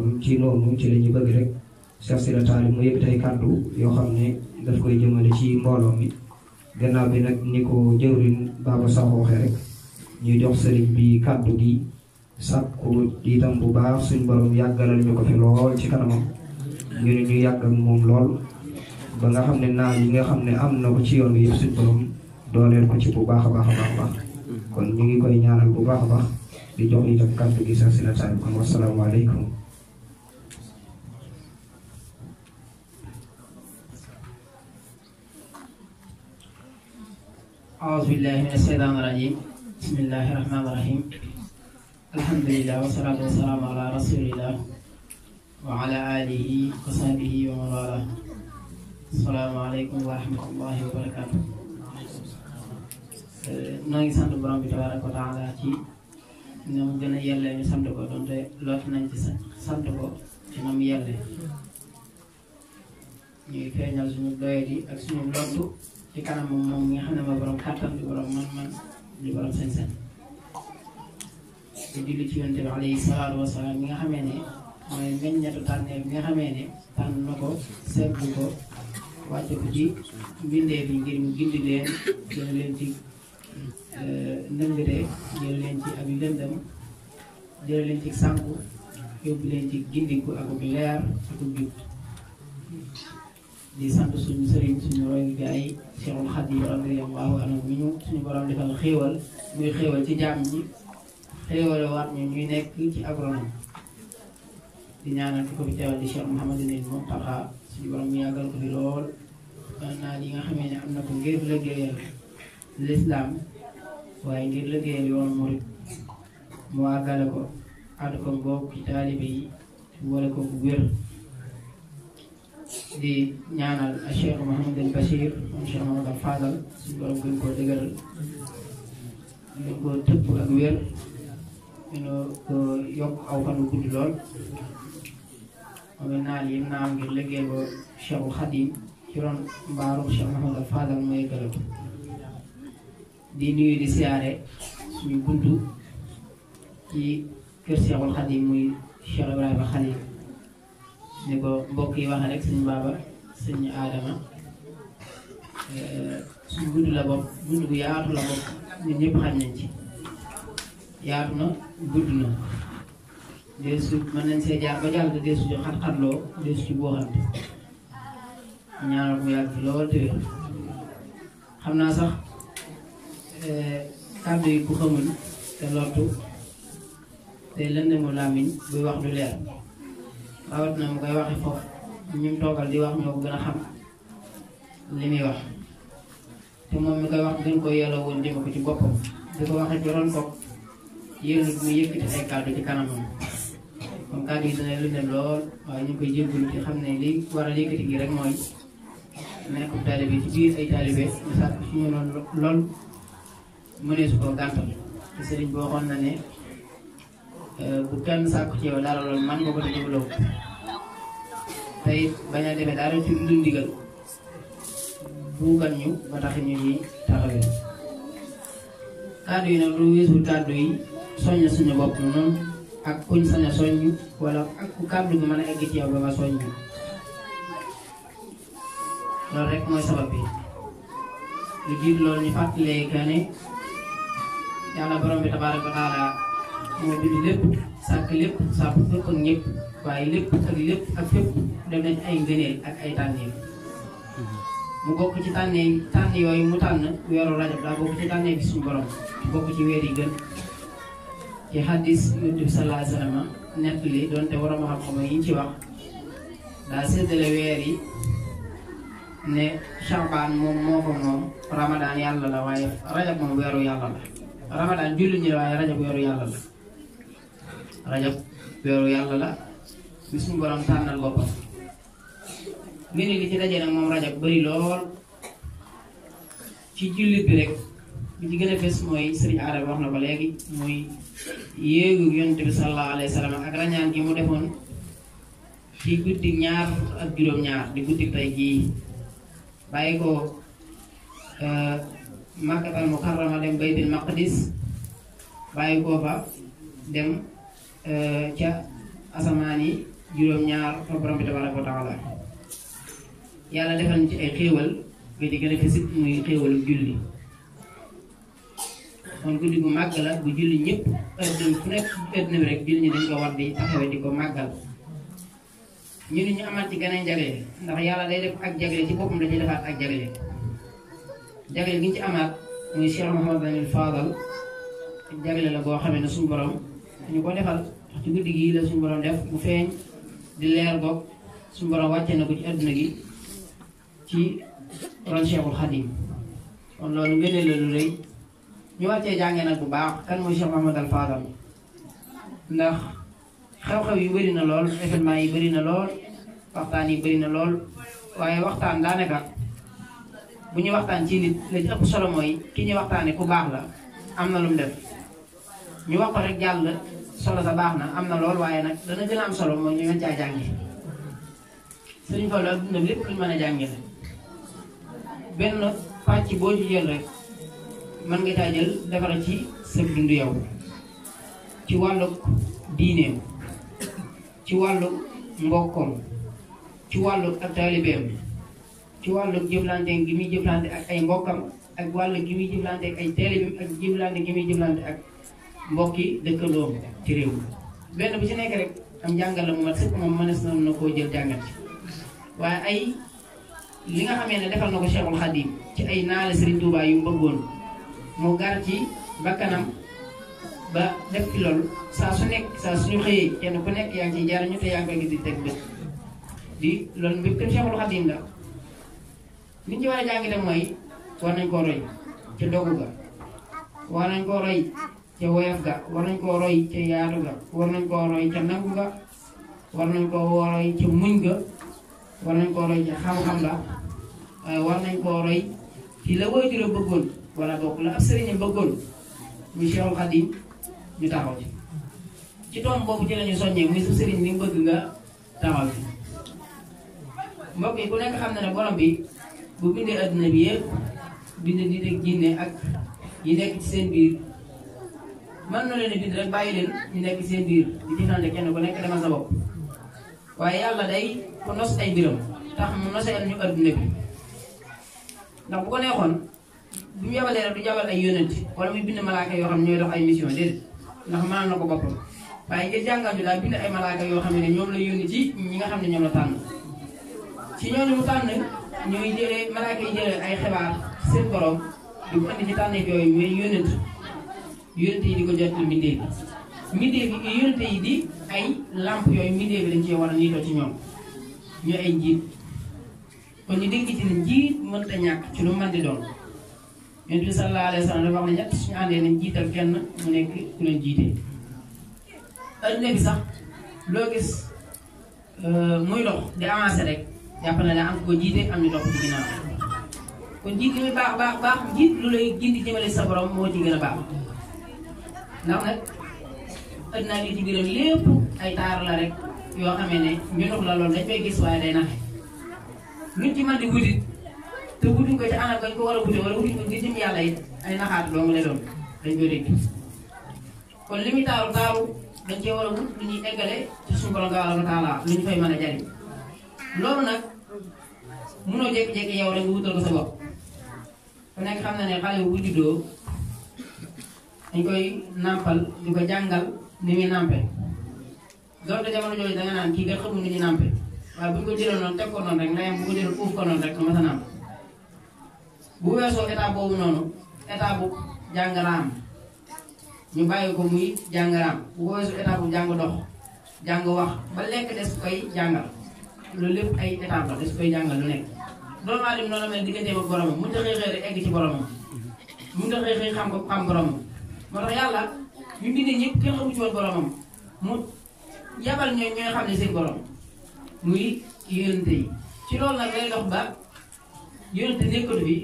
kon ci loolu ci la ñu bëgg rek Cheikh Sylla Tall mu yëkkati ay kàddu yoo xam ne daf koy jëmale ci mbooloo mi gannaaw bi nag ni ko jëwriñ Baba Sakho waxee rek ñu jox sëriñ bi kàddu gi sàkku itam bu baax suñ borom yàggalal ñu ko fi lool ci kanamam ñu ne ñu yàgg moom lool ba nga xam ne naa yi nga xam ne am na ko ci yoon bi yëpp suñ borom dooleel ko ci bu baax a baax baax baax kon ñu ngi koy ñaanal bu baax a baax di jox itam kàddu gi Cheikh Sylla أعوذ بالله من الشيطان الرجيم بسم الله الرحمن الرحيم الحمد لله والصلاة والسلام على رسول الله وعلى آله وصحبه ومن والاه السلام عليكم ورحمة الله وبركاته noo ngi sant borom bi tabaraka wa taala ci na mu gën a yellee ñu sant ko donte loot nañ ci sant ko ci na mu yellee ñuy feeñal suñu doyadi ak suñu lottu ci kanam moom moom mi nga xam ne mooy borom kàttan di borom man-man di borom sañ-sañ di julli ci bi alayhi salaatu wa salaam mi nga xamee ne mooy meññatu bi nga xamee ne tànn na ko seetlu ko wàcce ko ci mbindee bi ngir mu gindi leen jël leen ci euh, nëngate jël leen ci lëndëm jël leen ci sànku yóbbu leen ci gindiku ak bu leer ak bu jub di sant suñu sëriñ suñu roy gaay Cheikhul Khadim radiyallahu anhu mi ñu suñu borom defal xéewal muy xéewal ci jaam ñi xéewale waat ñu nekk ci agronome di ñaanal di ko fi teewal di Cheikh Mouhamadou Mountakha suñu borom mu yàggal ko fi lool naa yi nga xamee ne am na ko ngir liggéeyal lislaam waaye ngir liggéeyal yoonu murid mu àggale ko ànd ko mbokk ci taalibe yi wala ko bu wér di ñaanal a Cheikh Mouhamadul Bachir moom Cheikh Mouhamadul Fadal suñu borom gën koo dëgëral gën koo tëpp ak wér dina ko yokk aw fan bu gudd lool moom naal yi naa am ngir liggéey ba Cheikhul Khadim ci ron mbaaru Cheikh Mouhamadul Fadal mooy gërëm di nuyu di siyaare suñu buntu ci kër Cheikhul Khadim muy Cheikh Ibrahima Khalil ni ko mbokk yi wax rek eh, suñu baaba suñu aadama suñu gund la bopp gund bu yaatu la bopp ñun ñëpp xam nañ ci na gudd nañ see jaar ba jàll dee su xat-xatloo dee su boo xam ne yàgg lool te xam naa sax eh, kàddu yi ku xamul te lottu te lëndëmu làmmiñ buy wax du leer rawatina mu koy waxe foofu ñu toogal di wax ñoo ko gën a xam li muy wax te moom mi koy wax gën ko yelloo woon jëme ko ci boppam di ko waxee ci ron bopp yéenut mu yëkkati ay kàddu ci lool waaye ñu ngi koy jéggalu ci xam ne li war a yëkkati gi rek mooy nekk taalibe ci biir ay taalibe ñu sàkk ci ñu lool mu ne su ko gàntal te sëriñ bi waxoon na ne Euh, bu kenn sàkku ci yow dara loolu man nga ko def loolu te bañ a defee dara ci lu ndigal buugal ñu ba tax ñu ñuy taxawee. kàddu yi nag lu wéesu kàddu yi soññ suñu bopp noonu ak kuñ sañ a soññ wala ak ku kàddu gi mën a egg ci ba nga soññ loolu rek mooy sabab bi lu jiit loolu ñu fàttalee que ne yàlla borom bi tabaaraka wa taala ñu bind lépp sapu lépp sàpp fépp ak ñëpp waaye lépp ak lépp ak fépp dem nañ ay ngëneel ak ay tànneef mu bokk ci tànnee tànn yooyu mu tànn weeru rajab daa bokk ci borom ci gën ci hadis Nabi Sallallahu salaa Wasallam nekk li donte waroon xam-xam yi ñu ci wax daa séddale weer yi ne Shaban moom moo ko moom Ramadan yàlla ya la waaye ya, rajab moom weeru yàlla ya la Ramadan jullit ñi la rajab weeru la rajab weeru yàlla la bi suñu borom tànnal boppam mbir yi li ci daje nag moom rajab bëri lool ci jullit bi rek li ci gën a fes mooy Arab wax na ko léegi yéegu yonent bi sallallahu alayhi wa sallam ak rañaan gi mu defoon ci guddi ñaar ak juróom-ñaar di guddi Makkatal Mukarrama dem Baytil Maqdis bàyyi fa dem ca asamaan yi juróom-ñaar fa borom bi tabaraka wa taala yàlla defal ñu ci ay xéewal ba di gën a fisit muy xéewalu julli kon guddi gu màgg la bu julli ñëpp adduna fu nekk adduna bi rek julli ñi dañ ko war di taxawe di ko màggal ñu ni ñu amaat ci gën a jagle ndax yàlla day def ak jagle ci boppam dañuy defaat ak gi ci amaat muy Cheikh jagle la boo xamee ne suñu borom dañu ko defal ndax ci la suñu borom def bu feeñ di leer gok suñu borom wàcce na ko ci àdduna gi ci ron Cheikhul Khadim kon loolu ngëneel la lu rëy ñu bu baax kan mooy Cheikh Mahamad Al Fadal ndax xew-xew yu bëri na lool événement yi bëri na lool waxtaan yi bëri na lool waaye waxtaan daanaka bu ñu waxtaan ci nit la ci ëpp solo mooy ki ku baax la lu def ñu wax ko rek jàll solo sa baax na am na lool waaye nag dana gën solo mooy ñu mën caa jàngee sëriñ Fallu ak dundam lépp luñ mën a jàngee la benn pàcc boo ci jël rek mën nga caa jël defara ci sa dund yow ci wàllug diineem ci wàllug mbokkoom ci wàllug ak taalibeem ci wàllug jëflante gi muy jëflante ak ay mbokkam ak wàllu gi muy jëflante ay taalibeem ak jëflante gi muy jëflante ak mbokk yi dëkkaloom ci réew mi benn bu ci nekk rek am jàngal la mu mat sëkk moom mënees na na koo jël jàngal ci waaye ay li nga xamee ne defal na ko Cheikhul Khadim ci ay naale Serigne Touba yu bëggoon mu gar ci bakkanam ba def ci saa su nekk saa suñu xëyee kenn ku nekk yaa ngi ciy jaarañu te gis di teg bët di loolu mbégteem Cheikhul Khadim la nit ñi war a jàngite mooy war nañ koo roy ci dogu ga war nañ koo roy ca woyof ga war nañ koo roy ca yaatu ga war nañ koo roy ca nangu ga war nañ koo roy ca muñ ga war nañ koo roy ca xam-xam ga war nañ koo roy ci la waajur a bëggoon wala bokk la ab sëriñ a bëggoon muy Cheikhul Khadim ñu taxaw ci ci tomb ci lañu soññee muy sa sëriñ ni bëgg nga taxaw ci ku nekk xam na ne borom bi bu bindee adduna bi yëpp bind nit ak jinne ak yi nekk ci seen biir man na leen a bind rek bàyyi leen ñu nekk seen biir di jëfandikoo kenn ku nekk demal sa waaye yàlla day ko nos ay biram tax mu noseel ñu adduna bi ndax bu ko ñu yabalee du jabal ay yónent yoo xam ne ñooy dox ay mission déedéet ndax waaye ngir jàngal bi daal bind ay yoo xam ne ñoom la yónni ci ñi nga xam ne ñoom la tànn ci ñooñu mu tànn ñooy jëlee malaaka yi jëlee ay xibaar seen borom di ko andi ci tànn yooyu muy yónent yonent yi di ko jot ci mbindeef yi mbindeef yi yonent yi di ay làmp yooyu mbindeef yi dañ cee war a niitoo ci ñoom ñu ay njiit kon ñu dégg ci ne njiit mënta ñàkk ci lu mën di doon yonent bi wa sallam dafa wax ne ñett suñu àndee nañ jiital kenn mu loo gis euh, muy dox di avancé rek jàpp na daa am ko jiite am ñu dox kon jiit li baax baax baax jiit lu lay gindi jëmale sa borom moo ci gën a baax ndax nag ëtt naa li ci lépp ay taaru la rek yoo xamee ne ñunux la loolu dañ koy gis waaye day naxe luñ ci mën di wutit te wutuñ ko ci anam gañ ko war a wute wala wutuñ ko ngir jëm yàlla it ay naxaat dong lay dañ koy dégg war a wut lu ñuy eggale ci a jariñ loolu nag munoo jékki-jékki yow rek nga wutal ko sa bopp ku nekk xam na ne xale bu juddoo dañ koy nàmpal di ko jàngal ni muy nàmpe donte jamono jooju da nga naan kii nga xamul ni ñu nàmpe waaye bu ñu ko noonu teg ko noonu rek ndeyam bu ko koy jàngal loolu lépp ay koy jàngal lu nekk. doomu aadama noonu la mel digganteem boromam mënut a xëy rek egg ci boromam mënut a xëy xam ko xam boromam. moo tax yàlla ñu bindee ñëpp kenn xamu ci woon boromam mu yabal ñooy xam ne seen borom muy yonent yi ci loolu nag lay dox ba yonent nekkatu bi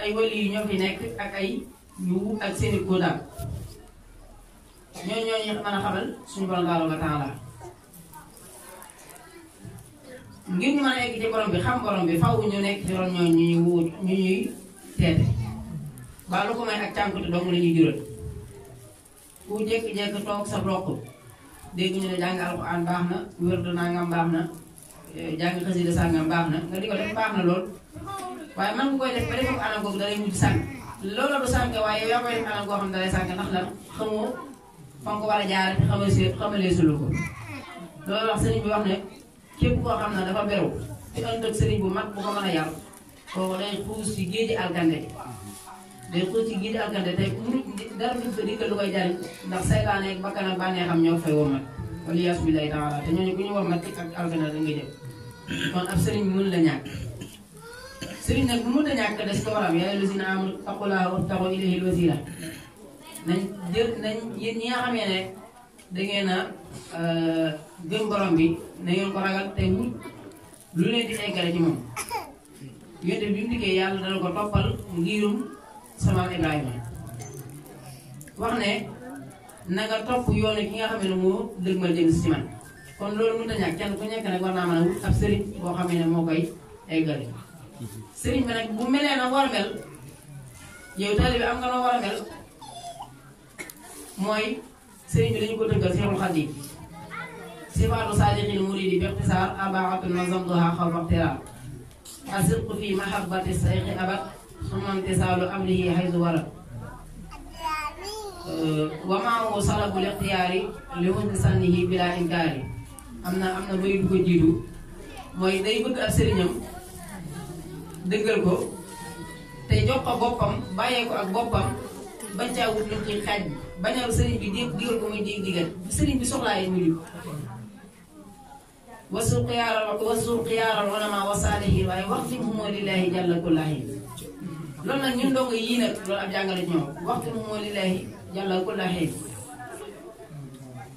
ay wali yu ñoo fi nekk ak ay ñu ak seen i góodam ñoo ñooñu a xamal suñu daal ba temps la ngir ñu a egg nekk ci ron ñooñu ñuy teete ba lu ko may ak cànkute dong la ñuy jural ku jékki-jékki toog sa rokk dégg ñu ne jàng alxuraan baax na wér du nangam baax na eh, jàng xasida sàngam baax na nga di ko def baax na lool waaye man koo xam ne dafa beru ci ënd ak sëriñ bu mag bu ko mën a yar kooku day xuus ci géeji alkande day xuus ci gii alkande tey dara du fa dikkal lu koy jariñ ndax saytaane ak bakkan ak bànnee xam ñoo fay womat wala yaas bi lay taala te ñooñu bu ñu womat ci ak alkande nga jëm kon ab sëriñ mun la ñàkk sëriñ nag mun la ñàkk des ko waram yaa na am taqulaa wattaqu ilayhi wasila nañ jël nañ yéen ñi nga xamee ne dangeen a euh, gëm borom bi na ngeen ko ragal tey wut lu leen di eggale ci moom yonte bi mu dikkee yàlla dana ko toppal ngirum sama Ibrahima wax ne na topp yoonu ki nga xam ne moo dëgg ma jëm si man kon loolu mënut a ñàkk kenn ku nekk nag war naa mën a wut ab sëriñ boo xam ne moo koy eggale sëriñ bi nag bu melee na war a mel yow taalibe bi am nga noo war a mel mooy sëriñ bi dañu ko tëggal Seexul Xadiim sifaatu saadiqil muriidi bi ixtisaar abaxatu nazamtuha xaw baxtiraar asirqu fi mahabbati sayxi abat xamante saalu am lii xaysu waral euh, wamaawu salabu lixtiyaari li wëgg sànni yi bilaa inkaari am na am na bay du ko jiitu mooy day bëgg ab sëriñam dëggal ko te jox ko boppam bàyyee ak boppam bañ caa wut lu ci xaaj bañal bi dégg digal ko muy dégg digal bu sëriñ bi soxlaa yi muy wasu xiyaaral wasu xiyaaral wala maa wasaalihi waaye wax ci mu moo lillaahi jàlla kullaahi loolu nag ñun ndongo yii nag loolu ab jàngale ñoo waxtu mu moo lillaahi yàlla ku la xëy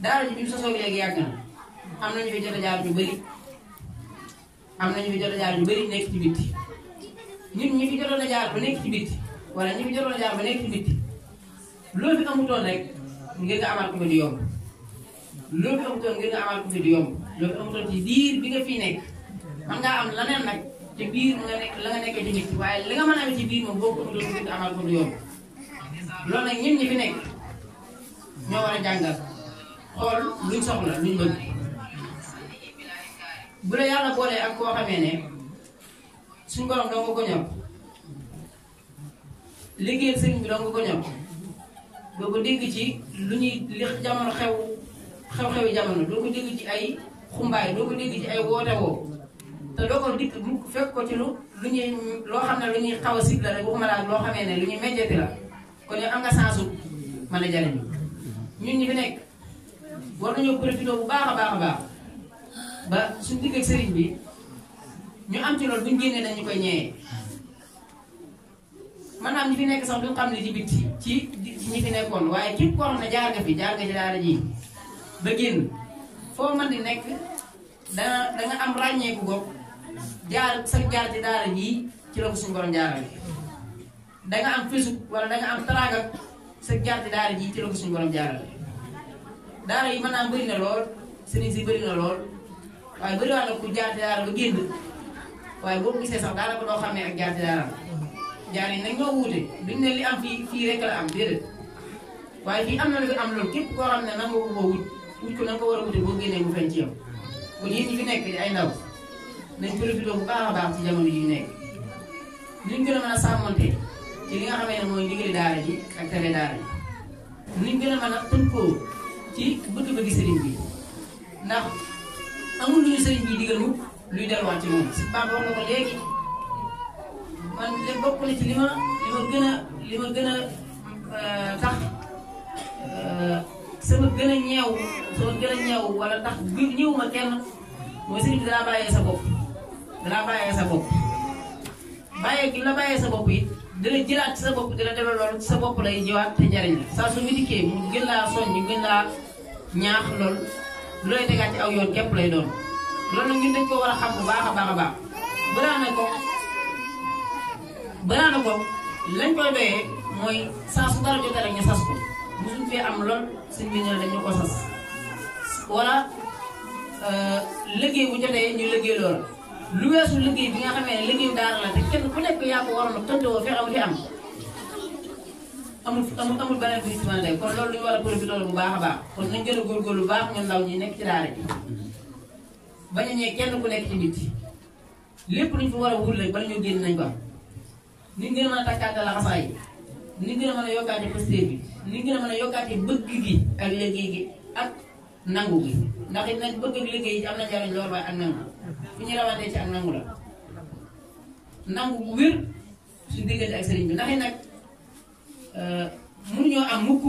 daara ji bi mu sosoo léegi yàgg na am nañu fi jot a jaar ñu bëri am nañu fi jaar ñu bëri nekk ci bitti a jaar ba nekk ci bitti wala ñi fi jotoon a rek ngir nga amaat ko fi yomb loolu bi amutoon ngir nga fi di yomb diir bi nga man ngaa am laneen nag. ci biir nga nekk la nga nekkee ci nit waaye li nga mën a amee ci biir moom boo ko doon dund amal ko du yomb loolu nag ñun ñi fi nekk ñoo war a jàngal xool luñ soxla yàlla boolee ak koo xamee ne ko ñor bi doo ci lu ñuy li jamono xew xew-xewi jamono doo ko dégg ci ay xumbaay doo ko dégg ci ay woote woo te ko dikk mukk fekk ko ci lu lu ñuy loo xam ne lu ñuy xaw a sib la la kon yow am nga sensu mën a nekk war nañoo profité bu a baax bi ñu am ci loolu buñ génnee ñu koy ñëwee maanaam ñi fi nekk sax duñ xam ne ci bitti ci ñi fi nekkoon waaye képp koo xam ne jaar nga fi jaar nga ci daara ji ba génn foo mën di nekk dana da am ràññeeku bopp. jaar si jaar ci daara jii ci la ko suñu borom jaarale da nga am fésu wala da nga am taraanga sa jaar ci daara jii ci la suñu borom jaarale daara yi mën naa bëri na lool sëriñ si bëri na lool waaye bëri na ku jaar ci daara ba génn waaye boo ko gisee sax am na fii am déedéet waaye fii am na lu fi am loolu képp koo xam ne nan nga ko wut wut ko nan war a wute boo génnee mu feeñ ci yow kon yéen nekk ay ndaw. nañ profité bu baax baax ci jamono yu nekk niñ gën a mën a nga xamee ne mooy ndigali daara ji ak tere daara ji niñ gën a mën a tënkoo ci bëgg-bëgg sëriñ bi ndax amul lu ñu sëriñ bi digal mu luy delluwaat ci moom si Pape wax ko léegi man li bokk ci li ma gën a li gën a euh, tax euh, sama gën a ñeew sama gën a ñeew wala tax ñëwuma kenn mooy sëriñ bi danaa sa bopp danaa bàyyee sa bopp bàyyee gi la bàyyee sa bopp it dina jëlaat sa bopp dina demee loolu sa bopp lay jiwaat te jariñ la saa su dikkee mu gën laa soññ gën laa ñaax lool lu lay tegaat ci aw yoon képp lay doon loolu nag ñun dañ war a xam bu baax a baax a baax bëraana ko bëraana ko lañ koy doyee mooy saa su lool suñ bi ne dañu ko sas wala euh, liggéey bu jotee ñu liggéey loola lu weesu liggéey bi nga xamee ne liggéeyu daara la kenn ku nekk yaa waroon a tëddoo fi am am amul amul amul beneen bi ci a dem kon loolu lu ñu war a profité bu baax a baax kon nañ gën a góorgóorlu bu baax ñun ndaw ñi nekk ci daara ji bañ a ñëw kenn ku nekk ci biti lépp luñ fi war a wut rek bala ñu génn nañ ko am ni gën a mën a la xasaay ni gën a mën a yokkaate posté bi ni gën a a yokkaate bëgg gi ak liggéey gi ak nangu gi ndax it nag bëgg ak liggéey ci am na njariñ lool waaye ak nangu fi ñu rawantee ci ak nangu la nangu bu wér suñu diggante ak sëriñ bi ndax it nag euh, mënuñoo am mukk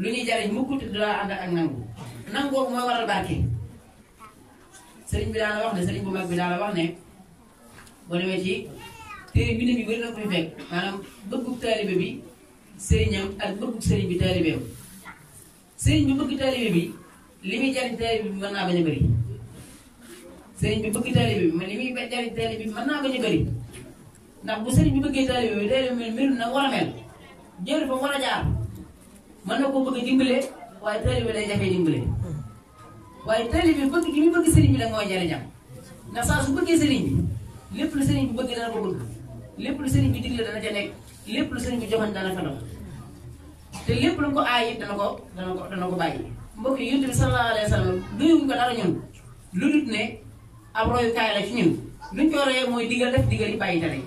lu ñuy jariñ mukk te dalaa ànd ak nangu nangoo mooy waral barke sëriñ bi daana wax ne sëriñ bu mag bi daana wax ne boo demee ci téere bi ne bi wér na ko fi fekk maanaam bëggub bi sëriñam ak bëggub sëriñ bi taalibeem sëriñ bi bëgg taalibe bi li muy jariñ taalibe bi mën naa bañ a bëri sëriñ bi bëgg taalibe bi naa bañ a bëri ndax bu sëriñ bi bëggee taalibe bi taalibe bi na war a mel jël war a jaar mën na koo bëgg a waaye taalibe bi day jafe dimbale waaye su bëggee sëriñ bi lépp lu sëriñ bi bëgg dana ko bëgg lépp lu sëriñ bi digle dana ca nekk lépp lu sëriñ bi joxoñ dana fa dox te lépp lu ko aay it ko dana ko dana mbokk yi yonent bi sallallahu alayhi wa sallam duyuñ dara ñun lu dut ne ab royukaay la ci ñun luñ ko royee mooy digal def digal yi bàyyi tere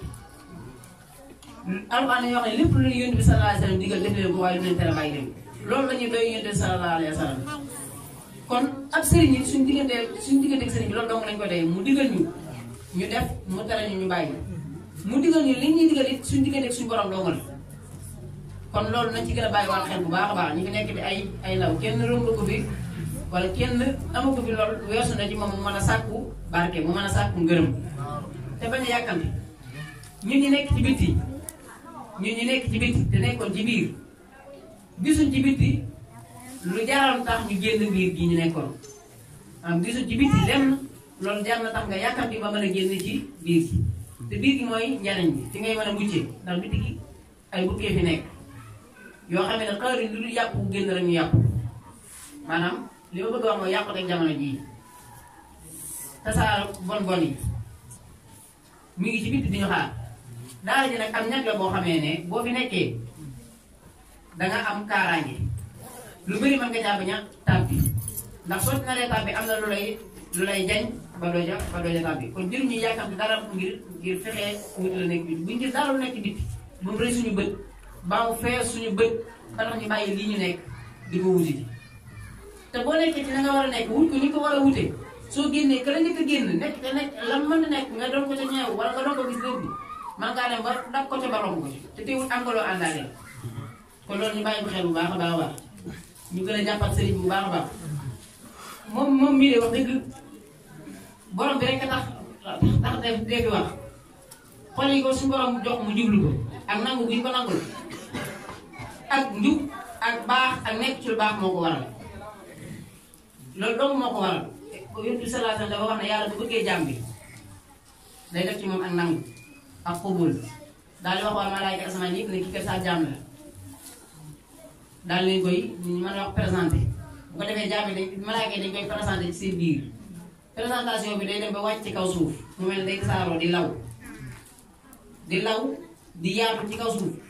alquran dañuy wax ne lépp lu yonent bi sallallahu alayhi wa sallam digal def waaye lu leen tere bàyyi loolu la ñuy doy yonent bi sallallahu alayhi kon ak sëriñ yi suñ diggantee suñ digganteeg sëriñ bi loolu dong lañ ko dee mu digal ñu ñu def mu tere ñu ñu bàyyi mu digal ñu li ñuy digal it suñ digganteeg suñ borom dong la kon loolu nañ ci gën a wal wàll xel bu baax a baax ñi fi nekk di ay ay law kenn romb ko bi wala kenn amu ko fi lool weesu na ci moom mu mën a sàkku barke mu mën a sàkku ngërëm te bañ a yàkkamti ñun ñi nekk ci bitti ñun ñi nekk ci bitti te nekkoon ci biir gisuñ ci bitti lu jaral tax ñu génn biir gi ñu nekkoon am gisuñ ci bitti lenn loolu jar na tax nga yàkkamti ba mën a génn ci biir gi te biir gi mooy njariñ bi ci ngay mën a muccee ndax bitti gi ay bu fi nekk yo xamé ne xëy na lu yàqu génn rek ñu yapp manam li ma bëgg wax mo yapp rek jamono jii tasaar bon bon yi mi ngi ci bitti di ñu xaar daara ji nak am ñak la bo xamé ne bo fi nekké da nga am kaaraange lu bari man nga jàpp ñak tabbi ndax na lay tabbi am na lu lay lu lay jañ ba do ja ba do ja tabbi kon jëriñ ñu yakam dara ngir ngir fexé ngir la nekk bitti bu ngir dara lu nekk bitti moom rëy ñu bët baa mu suñu bëj ba tax ñu bayyi li ñu nekk di ko wuti te bo nekk ci nga wara nekk wuñ ko ñi ko wara wuté so soo ka la nga ko génn nekk te nekk lam mëna nekk nga doon ko ci ñew wala nga doon ko gis lépp ma nga dem ba dab ko ci ba ko ci te teewul am nga loo àndaale ñu bayyi ko xel bu baax a baax baax ñu gëna jappal sëriñ bu baax baax mom moom wax dëgg borom bi rek tax tax def dégg wax xol yi ko su borom jox mu jiblu ko ak nangu bu ñu ko nangul ak njub ak baax ak nekk ci lu baax moo ko waral loolu dong moo ko waral yonent bi sallallahu alayhi wasallam dafa wax ne yàlla bu bëggee jàmm bi day def ci moom ak nangu ak di wax waa malaayka asamaan yëpp ne kii kat saa la daal leen koy ñu mën wax bu ko koy ci présentation bi day dem ba ci kaw suuf mu mel day saaroo di law di law di yaatu ci kaw suuf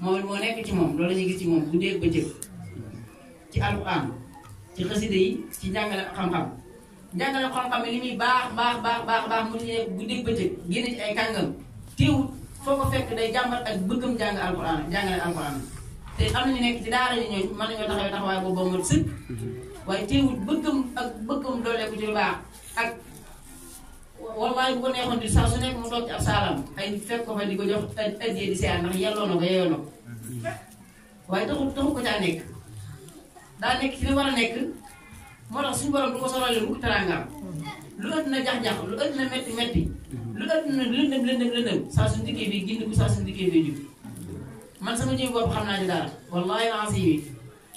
moom moo nekk ci moom loolu la ñuy gis ci moom guddeeg bëccëg ci alquran ci xasida yi ci njàngale xam-xam njàngale xam-xam li muy baax baax baax baax baax mu ne guddeeg bëccëg génn ci ay kàngam teewul foo ko fekk day jàmbat ak bëggam jàng alquran jàngale alquran te am nañu nekk ci daara ñu ñooñu mën nañoo taxawee taxawaay boobu ba mu sëkk waaye teewul bëggam ak bëggam dooleeku ci lu baax ak. wallaay bu ko neexoon di saa su nekk mu toog ab saalam ay fekk ko fa di ko jox ay di seeyaan ndax yelloo ko yeyoo ko waaye taxul taxul ko caa nekk daa nekk ci li war a nekk moo tax suñu borom du ko lu ëtt na man sama jiw bopp xam naa ci dara wallaay yi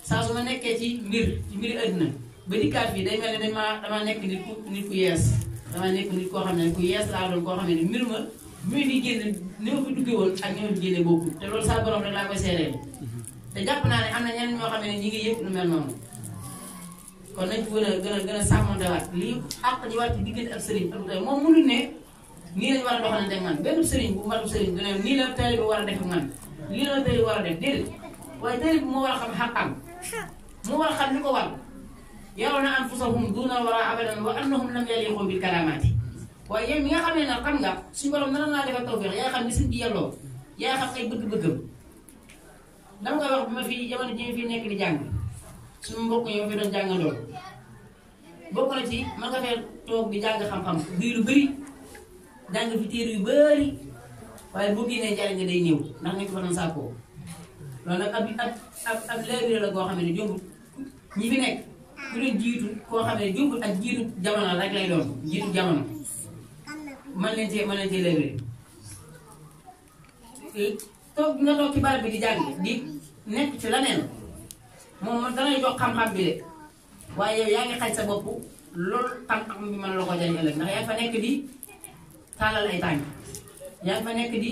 saa su ma nekkee ci mbir ci mbiri àddina ba dikkaat bi day mel ne dañ maa damaa nekk nit ku nit ku yees dama nekk nit koo xam ne ku yees laa doon koo xam ne mbir ma muy fi génn ni ma fi duggee woon ak ñoo fi génne bokkul te loolu saa borom rek laa koy seeree te jàpp naa ne am na ñenn ñoo xam ne ñi ngi yëpp lu mel noonu kon nañ ko gën a gën a gën a sàmmantewaat lii àq ji wàcc ci diggante ak sëriñ ak tey moom mënul ne a doxalante sëriñ bu matu sëriñ du ne nii la tali bi war a def man lii la tali bi war a def déedéet waaye tali bi moo war a xam xàqam moo war a xam li ko يرون أنفسهم دون وراء duna وأنهم لم يليقوا بالكلامات waaye mi nga xam ne nag xam nga suñu borom nana naa defal tawféex yaa xam ne suñ bi yelloo yaa xam ay bëgg-bëggam dama koy wax bi ma fi jamono ji fi nekk di jàng suñu mbokk ñoo fi doon jàng lool bokk na ci man nga fee toog di jàng xam-xam bii lu bëri jàng fi téere yu bëri waaye bu génnee njariñ nga day néew ndax nga ci fa doon sàkkoo loolu nag ab ab ab ab leer la goo xam ne jombul ku leen jiitu koo xam ne jëmbul ak jiitu jamono rek lay doon jiitu jamono man leen cee mën leen cee léeg-léeg toog nga toog ci barab bi di jàng di nekk ci leneen moom man danay jox xam-xam bi de waaye yaa ngi xaj sa bopp loolu xam-xam bi mën ko jëriñ ëllëg ndax yaa fa nekk di taalal ay tànk yaa fa nekk di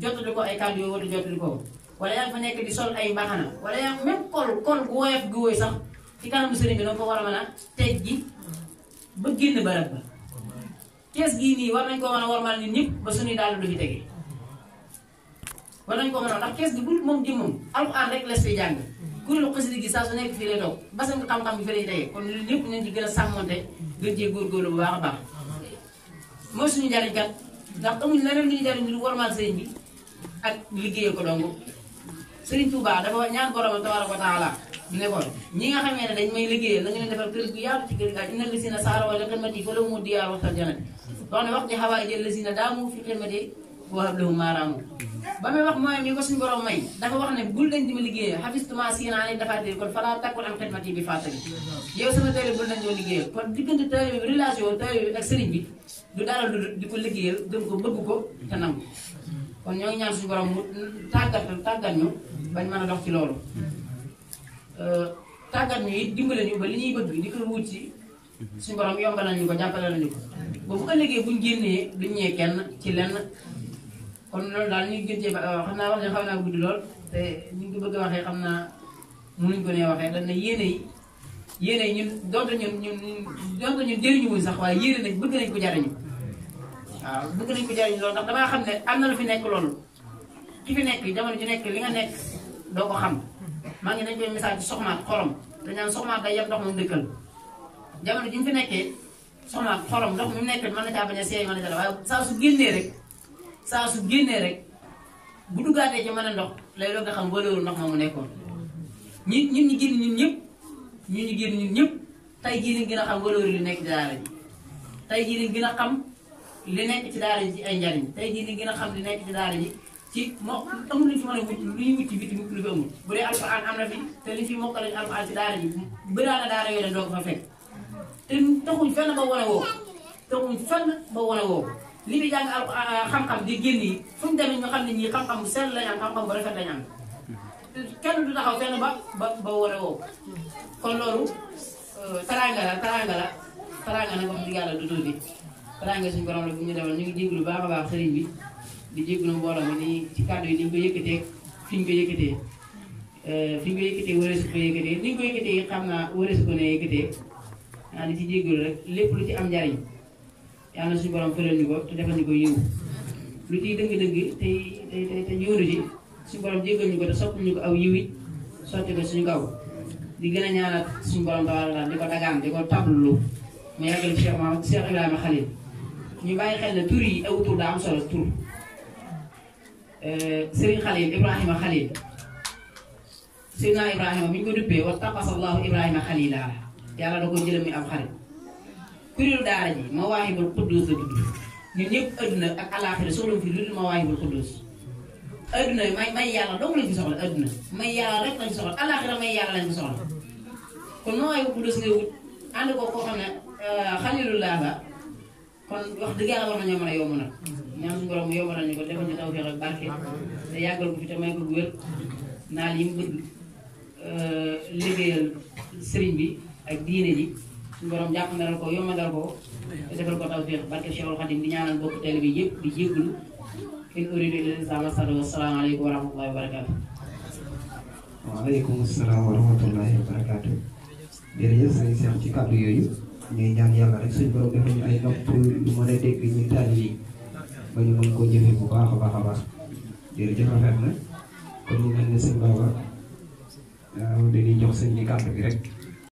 jottali ko ay kàddu yoo war a jottali ko wala yaa fa nekk di sol ay mbaxana wala yaa même kol kol gu woyof gu woy sax. ci kanamu serigne bi da ko war a tej gi ba genn barab ba kess gi ni war nañ ko mën a warmal nit ñep ba suñu dal du fi tege war nañ ko mën a ndax kees gi bu moom jëm moom alxuraan rek les fi jàng lu xasida gi sa su nek fi lay ba sa ko xam-xam fi lay tege kon loolu ñep ñu ci gëna samonté gën ci gor gor bu baax baax mo suñu jariñ kat ndax amuñ leneen lu ñu jariñ lu warmal sëriñ bi ak liggéeyee ko dong serigne Touba dafa ñaan borom tawara ko taala ne kon ñi nga xamee ne dañ may liggéeyal na nga leen defal kër gu yaatu ci kër gaa inna lazina saara wala xidmati fa lahumu ma waxtal janat wax ne di xawaa ba muy wax mooy mi ko suñu borom may dafa wax ne bul dañ di ma liggéeyal xafistuma siinaa ne dafa dir kon falaa takkul am bi fàttali yow sama taalibe bul bi relation taalibe bi ak sëriñ bi du ko liggéeyal gëm ko bëgg ko te nangu kon ñoo ngi ñaan suñu borom mu tàggat ñu bañ mën a dox ci loolu Euh, tàggat ñu it dimbale ñu ba li ñuy bëgg di ko wut si mhm. suñu borom yombal nañu ko jàppale nañu ko ba bu ëllëgee buñ génnee duñ ñee kenn ci lenn kon loolu daal ñu gën cee ba xam naa wax ne xam naa lool te ñu ngi bëgg a waxee xam naa mënuñ ko nee waxee dañ ne yéene yi yéene yi ñun doonte ñun ñun doonte ñun jëriñu wuñ sax waaye yéene nañ bëgg nañ ko jariñu waaw bëgg nañ ku jariñu loolu ndax damaa xam ne am na lu fi nekk loolu ki fi nekk jamono ji nekk li nga nekk doo ko xam maa ngi dañ koy misaal ci soxnaak xorom dañ naan soxnaak day yem ndox mu dëkkal jamono ji mu fi nekkee soxnaak xorom ndox mu nekkal mën na caa bañ a seey mën na caa waaye saa su génnee rek saa su génnee rek bu duggaatee ci mën a ndox lay doog nga xam wëlewul ndox moomu nekkoon ñi ñun ñu génn ñun ñëpp ñun ñu génn ñun ñëpp tey jii lañ gën a xam wëlewul li nekk ci daara ji tey jii lañ gën a xam li nekk ci daara ji ay njariñ tey jii lañ gën a xam li nekk ci daara ji ci moo amul luñ fi mën a wuti luy wuti biti lu fi amul bu dee alxuraan am na fi te liñ fi mokkal lañ alxuraan ci daara ji bëraa na daara yoo dem doo ko fa fekk te taxuñ fenn ba wane woo taxuñ fenn ba wane woo li ñu jàng ah, ah, xam-xam di génn yi fu mu demee ñu xam ne ñii xam-xam bu sell lañ am xam-xam bu rafet lañ am kenn du taxaw fenn ba ba ba wane woo kon loolu euh, taraanga la taraanga la taraanga nag wax dëgg yàlla du tuuti taraanga suñu borom la bu ñu demal ñu ngi déglu baax a baax sëriñ bi di jégalu mbooloo mi ni ci kàddu yi ni ñu ko yëkkatee fi ñu ko yëkkatee euh, fi ñu ko yëkkatee ni ñu ko yëkkatee xam naa wërës ko ne yëkkatee naa am njariñ yàlla ñu ko te defal bàyyi xel ne tur yi aw tur daa am solo tur سيرين خليل إبراهيم خليل سيدنا إبراهيم من جنوب بي واتقص الله إبراهيم خليلا يلا نقول جل من أبخر كل داري مواهب القدوس من يب أدنى على آخر سورة في دول مواهب القدوس أدنى ما ما يلا دوم في سورة أدنى ما يلا رك في سورة على آخر ما يلا في سورة كل مواهب القدوس نقول أنا بقول خليل الله kon wax dëgg yàlla war nañoo mën a yomb nag ñaan suñu borom yombalal ñu ko defal ñu tawfeex ak barke te yàggal ko fi te may ko wér naal yi mu bëgg euh, liggéeyal sëriñ bi ak diine ji suñu borom jàpp na ko yombalal ko te defal ko tawfeex barke Cheikhul Khadim di ñaanal bokk teel bi yëpp di jégalu in uridu illa al-islaaha ma istata'tu wasalaamaaleykum wa rahmatullahi wa barakaatu. waaleykum salaam wa rahmatullahi wa barakaatu. jërëjëf sëriñ Cheikh ci kàddu yooyu. ñuy ñaan yàlla rek suñu borom defal ñu ay nopp yu mën a dégg ñu taal yi ba ñu mën koo jëfee bu baax a baax a baax jërëjëf rafet na kon ñu mel ne sëñ Baba ah, dañuy jox sëñ bi kàddu bi rek.